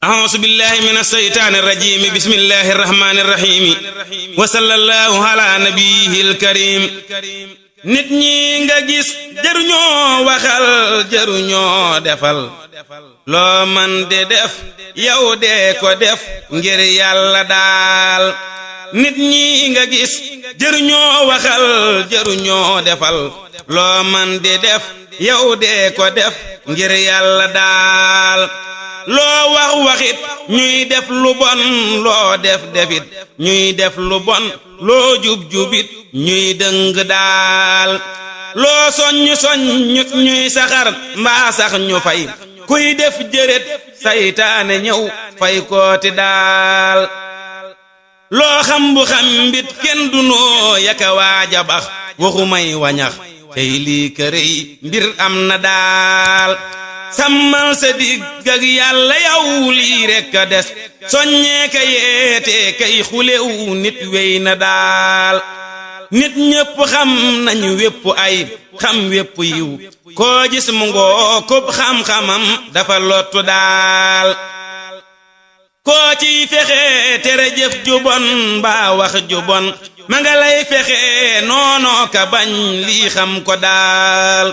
a بالله من الشيطان الرجيم بسم الله الرحمن الرحيم وصلى الله على نبيه الكريم nit ñi nga gis jëruñoo waxal jëruñoo defal loo def yow ko def ngir yàlla daal nit ñi nga gis jëruñoo waxal jëruñoo defal loo def yow ko def ngir yàlla daal loo wax waxit ñuy def lu bon loo def defit ñuy def lu bon loo jub jubit ñuy dëng daal loo soññ soññ ñuy saxar mbaa sax ñu fay kuy def jërét saytaane ñëw fay kooti daal loo xam bu kenn du noo yaka waaja bax waxu may wañax tey lii kërëy mbir am na daal sàmmal sa digg ak yàlla yow lii rekk a des soññee ka yeetee kay xulewu nit wey na daal nit ñépp xam nañu wépp ayib xam wépp yiw koo mu ngoo kub xam-xamam dafa lottu daal koo fexe tere jëf ju bon wax ju bon fexe noonoo ka bañ lii xam ko daal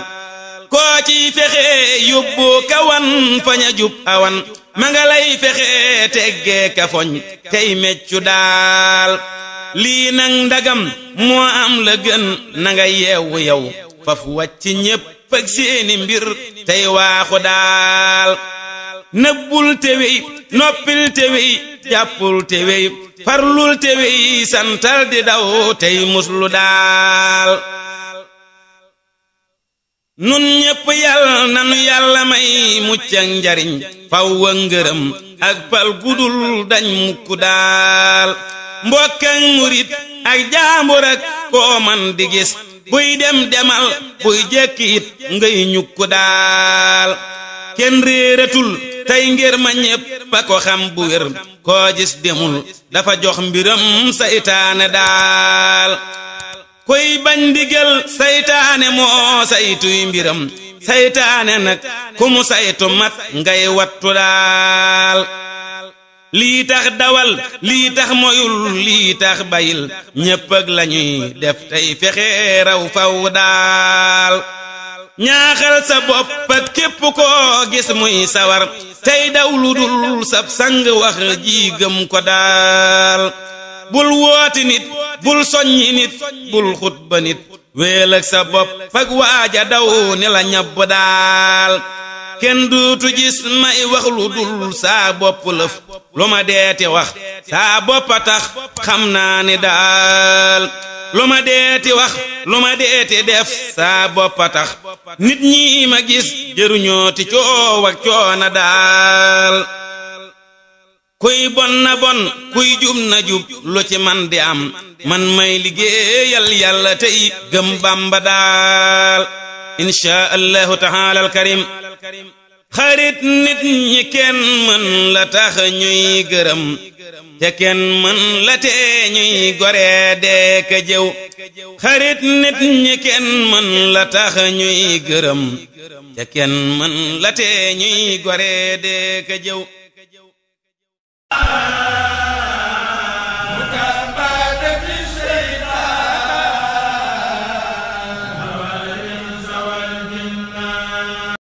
koo ciy fexe yóbbu kawan faña jub awan ma fexe teggee ka tey meccu daal lii nag ndagam moo am la gën yeewu yow faf wàcc ñépp ak seeni mbir tey waaxu daal nëbbul tewey noppil tewey jàppul tewey farlul tewey santal di daw tey muslu daal nun ñépp yal nanu yàlla may mucc njariñ fawwa ngërëm ak pal gudul dañ mukk daal mbokk ak ak jaambur ak di gis buy dem demal buy jekki ngay ñukk daal kenn réeratul tey ngir ma ñépp ko xam bu wér koo demul dafa jox mbiram saytaane daal koy bañ ndigal saytaane moo saytuy mbiram saytaane nag ku mu saytu mat ngay wattu daal lii tax dawal lii tax moyul lii tax bayil ñépp lañuy def tey fexe raw faw daal ñaaxal sa bopp ak képp koo gis muy sawar tey daw dul sab sang wax ji gëm ko daal bul wooti nit bul soññi nit bul xutba nit weel sa bopp fag waaja daw la ñabb daal kenn duutu gis may wax lu saa bopp lëf lu ma deeti wax saa bopp tax xam naa ni daal lu ma deeti wax lu ma deeti def saa bopp tax nit ñi ma gis jëruñoo ti coow ak daal kuy bon na bon kuy jub na jub lu man di am man may liggéeyal yàlla tey gëm bàmba daal inshaa allahu taala al karim xarit nit ñi kenn mën la tax ñuy gërëm te kenn man la tee ñuy gore dee nit ñi kenn mën la tax ñuy gërëm te kenn mën la tee ñuy gore dee ka jëw